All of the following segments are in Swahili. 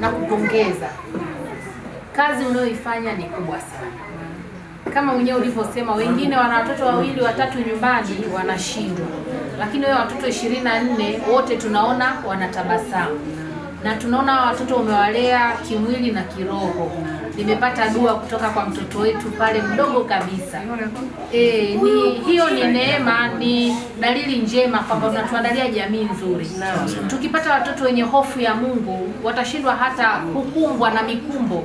na kupongeza. Kazi unayoifanya ni kubwa sana, kama mwenyewe ulivyosema, wengine wana watoto wawili watatu nyumbani wanashindwa, lakini wewe watoto ishirini na nne wote tunaona wanatabasamu na tunaona watoto umewalea kimwili na kiroho nimepata dua kutoka kwa mtoto wetu pale mdogo kabisa. E, ni hiyo ni neema, ni dalili njema kwamba unatuandalia jamii nzuri. Tukipata watoto wenye hofu ya Mungu watashindwa hata kukumbwa na mikumbo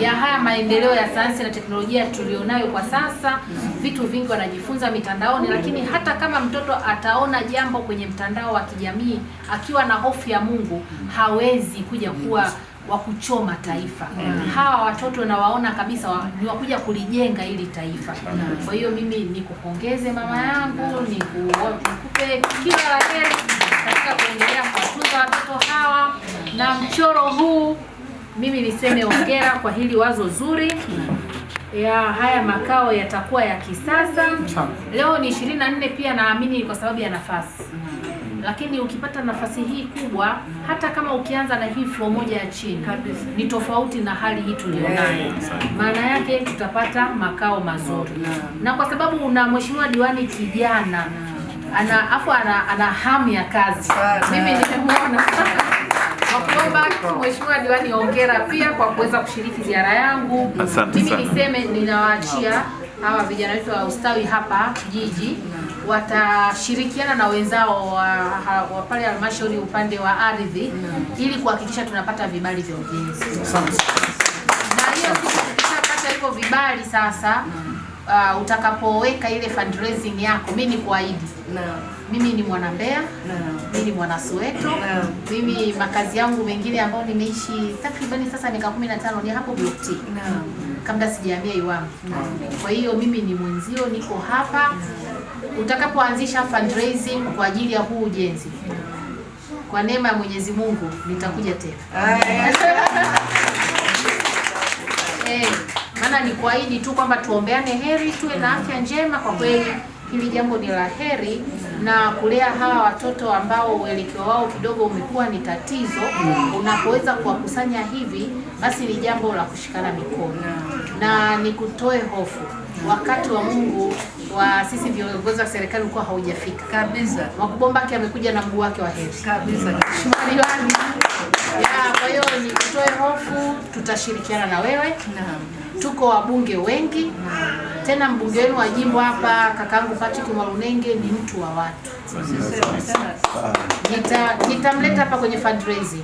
ya haya maendeleo ya sayansi na teknolojia tulionayo kwa sasa. Vitu vingi wanajifunza mitandaoni, lakini hata kama mtoto ataona jambo kwenye mtandao wa kijamii akiwa na hofu ya Mungu hawezi kuja kuwa wa kuchoma taifa mm. mm. Hawa watoto nawaona kabisa ni wakuja kulijenga hili taifa mm. Kwa hiyo mimi nikupongeze mama mm. yangu, mm. nikupe kila la heri katika kuendelea kuwatunza watoto hawa na mchoro huu. Mimi niseme hongera kwa hili wazo zuri ya haya makao yatakuwa ya kisasa. Leo ni 24 pia naamini kwa sababu ya nafasi lakini ukipata nafasi hii kubwa, hata kama ukianza na hii floor moja ya chini, ni tofauti na hali hii tulionayo. Maana yake tutapata makao mazuri, na kwa sababu una mheshimiwa diwani kijana ana afu ana, ana hamu ya kazi. Mimi nimemwona nakuomba mheshimiwa diwani, ongera pia kwa kuweza kushiriki ziara yangu. Mimi niseme ninawaachia hawa vijana wetu wa ustawi hapa jiji watashirikiana na wenzao wa, wa pale halmashauri upande wa ardhi mm. ili kuhakikisha tunapata vibali vya ujenzi na hiyo tukishapata hivyo vibali sasa mm. uh, utakapoweka ile fundraising yako, mimi ni kuahidi no. mimi ni mwana Mbeya no. mimi ni mwana Soweto no. mimi makazi yangu mengine ambayo nimeishi takribani sasa miaka 15 ni hapo Block no. kabla sijaambia Iwambi no. kwa hiyo mimi ni mwenzio, niko hapa no utakapoanzisha fundraising kwa ajili ya huu ujenzi, kwa neema ya Mwenyezi Mungu nitakuja tena eh, maana ni kuahidi tu kwamba tuombeane heri, tuwe na afya njema. Kwa kweli hili jambo ni la heri na kulea hawa watoto ambao uelekeo wao kidogo umekuwa ni tatizo, unapoweza kuwakusanya hivi, basi ni jambo la kushikana mikono, na nikutoe hofu wakati wa Mungu wa sisi viongozi wa serikali ulikuwa haujafika kabisa. Mwakubombaki amekuja na mguu wake wa heri kabisa, Mheshimiwa Diwani. Kwa hiyo kutoe hofu, tutashirikiana na wewe. Naam, tuko wabunge wengi. Naam tena mbunge wenu wa jimbo hapa kakaangu Patrick Mwalunenge ni mtu wa watu. Nitamleta hapa kwenye fundraising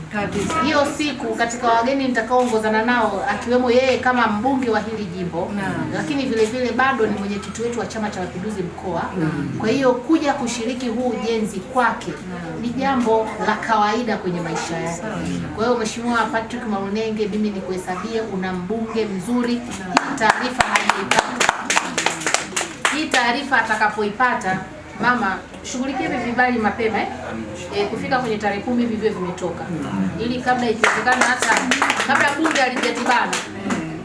hiyo siku, katika wageni nitakaoongozana nao akiwemo yeye kama mbunge wa hili jimbo na, lakini vile vile bado ni mwenyekiti wetu wa Chama cha Mapinduzi mkoa Kwa hiyo kuja kushiriki huu ujenzi kwake ni jambo la kawaida kwenye maisha yake. Kwa hiyo Mheshimiwa Patrick Mwalunenge, mimi nikuhesabie una mbunge mzuri, taarifa haijapata taarifa atakapoipata mama, shughulikie hivi vibali mapema eh? E, kufika kwenye tarehe kumi vivyo vimetoka, ili kabla ikiwezekana hata kabla bunge alijatibana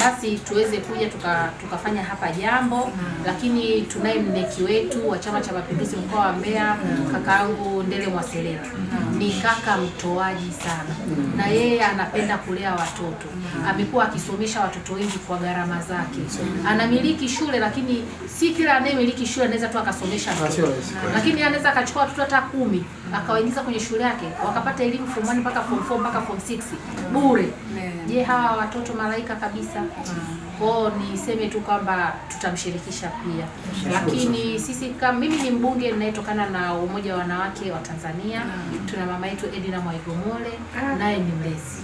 basi tuweze kuja tuka, tukafanya hapa jambo mm. Lakini tunaye mneki wetu wa Chama cha Mapinduzi mkoa wa Mbeya mm. Kakaangu Ndele Mwaselela mm. ni kaka mtoaji sana mm. na yeye anapenda kulea watoto mm. amekuwa akisomesha watoto wengi kwa gharama zake mm. anamiliki shule, lakini si kila anayemiliki shule anaweza tu akasomesha mm. lakini anaweza akachukua watoto hata kumi akawaingiza kwenye shule yake wakapata elimu form 1 mpaka form 4 mpaka form 6 mm. bure. Mm. Je, hawa watoto malaika kabisa kwao. Niseme tu kwamba tutamshirikisha pia, lakini sisi kama mimi ni mbunge ninayetokana na Umoja wa Wanawake wa Tanzania. Mm. Tuna mama yetu Edina Mwaigomole, ah. naye ni mlezi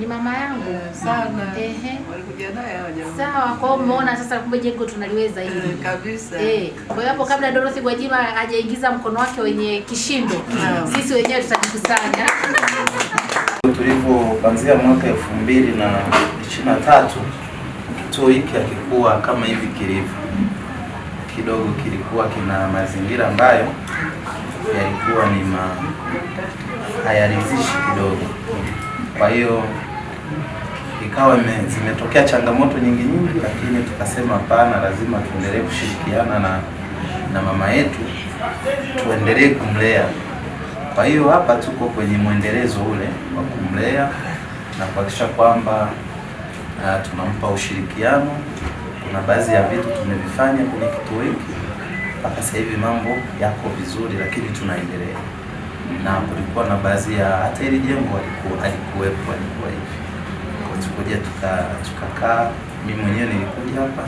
ni mama yangu eh, sana. Ehe, walikuja naye hawa jamaa sawa. Kwa hiyo umeona sasa, kumbe jengo tunaliweza hili eh, kabisa. Eh, kwa hiyo hapo kabla Dorothy Gwajima hajaingiza mkono wake wenye kishindo, sisi wenyewe tutajikusanya kuanzia mwaka elfu mbili na ishirini na tatu kituo hiki hakikuwa kama hivi kilivyo, kidogo kilikuwa kina mazingira ambayo yalikuwa ni ma hayaridhishi kidogo. Kwa hiyo ikawa zimetokea changamoto nyingi nyingi, lakini tukasema hapana, lazima tuendelee kushirikiana na na mama yetu tuendelee kumlea kwa hiyo hapa tuko kwenye mwendelezo ule wa kumlea na kuhakikisha kwamba uh, tunampa ushirikiano. Kuna baadhi ya vitu tumevifanya kwenye kituo hiki mpaka sasa hivi mambo yako vizuri, lakini tunaendelea na kulikuwa na baadhi ya hata ile jengo alikuwepo alikuwa hivi, tukuja tukakaa tuka mimi mwenyewe nilikuja hapa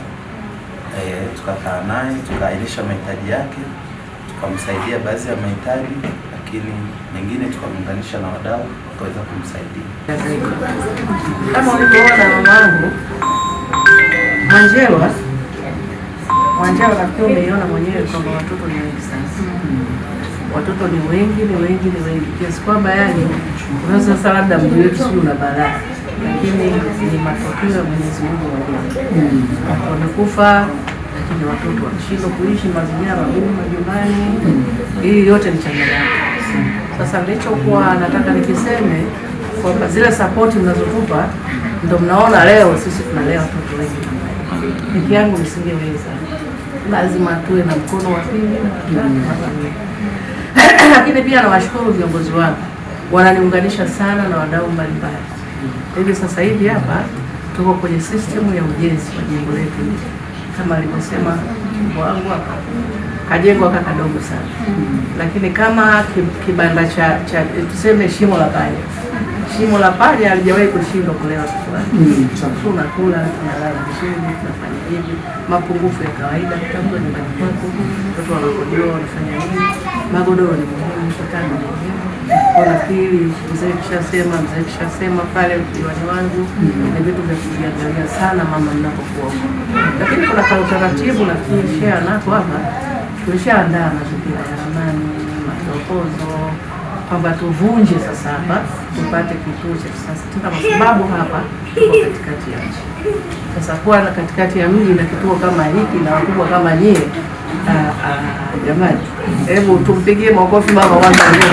e, tukakaa naye tukaainisha mahitaji yake tukamsaidia baadhi ya mahitaji, lakini mengine tukamuunganisha na wadau wakaweza kumsaidia. Kama ulivyoona mamangu Mwanjelwa, Mwanjelwa nafikiri umeiona mwenyewe kwamba watoto ni wengi sana. Watoto ni wengi, ni wengi, ni wengi kiasi kwamba yani unaweza sasa, labda mji wetu sio na balaa, lakini ni matokeo ya Mwenyezi Mungu. Hmm. wamekufa lakini watoto wanashindwa kuishi mazingira magumu majumbani. Hmm. Hii yote ni changamoto. Sasa nilichokuwa nataka nikiseme kwamba zile sapoti mnazotupa ndo mnaona leo sisi tunalea watoto wengi, peke yangu nisingeweza, lazima tuwe na mkono wa pili, lakini pia nawashukuru viongozi wangu wananiunganisha sana na wadau mbalimbali. Hivi sasa hivi hapa tuko kwenye system ya ujenzi wa jengo letu kama alivyosema wangu hapa kajengwa kaka kadogo sana mm. Lakini kama kibanda cha, cha tuseme shimo la pale, shimo la pale alijawahi kushindwa kulewa chakula mm. Tunakula, tunalala vizuri, tunafanya hivi, mapungufu ya kawaida kutambua nyumbani kwako, watoto wanakojoa wanafanya nini, magodoro ni muhimu, kitanda ni muhimu kwa nafikiri mzee kishasema, mzee kishasema pale diwani wangu mm. ni vitu vya kujiangalia sana mama ninapokuwa huko, lakini kuna kwa utaratibu nafikiri share nako hapa tulishaandaa mazingira ya amani, matokozo kwamba tuvunje sasa hapa tupate kituo cha kisasa tena, kwa sababu hapa tuko katikati ya nchi. Sasa kuwa na katikati ya mji na kituo kama hiki na wakubwa kama nyie, ah, ah, jamani, hebu tumpigie makofi mama wangu.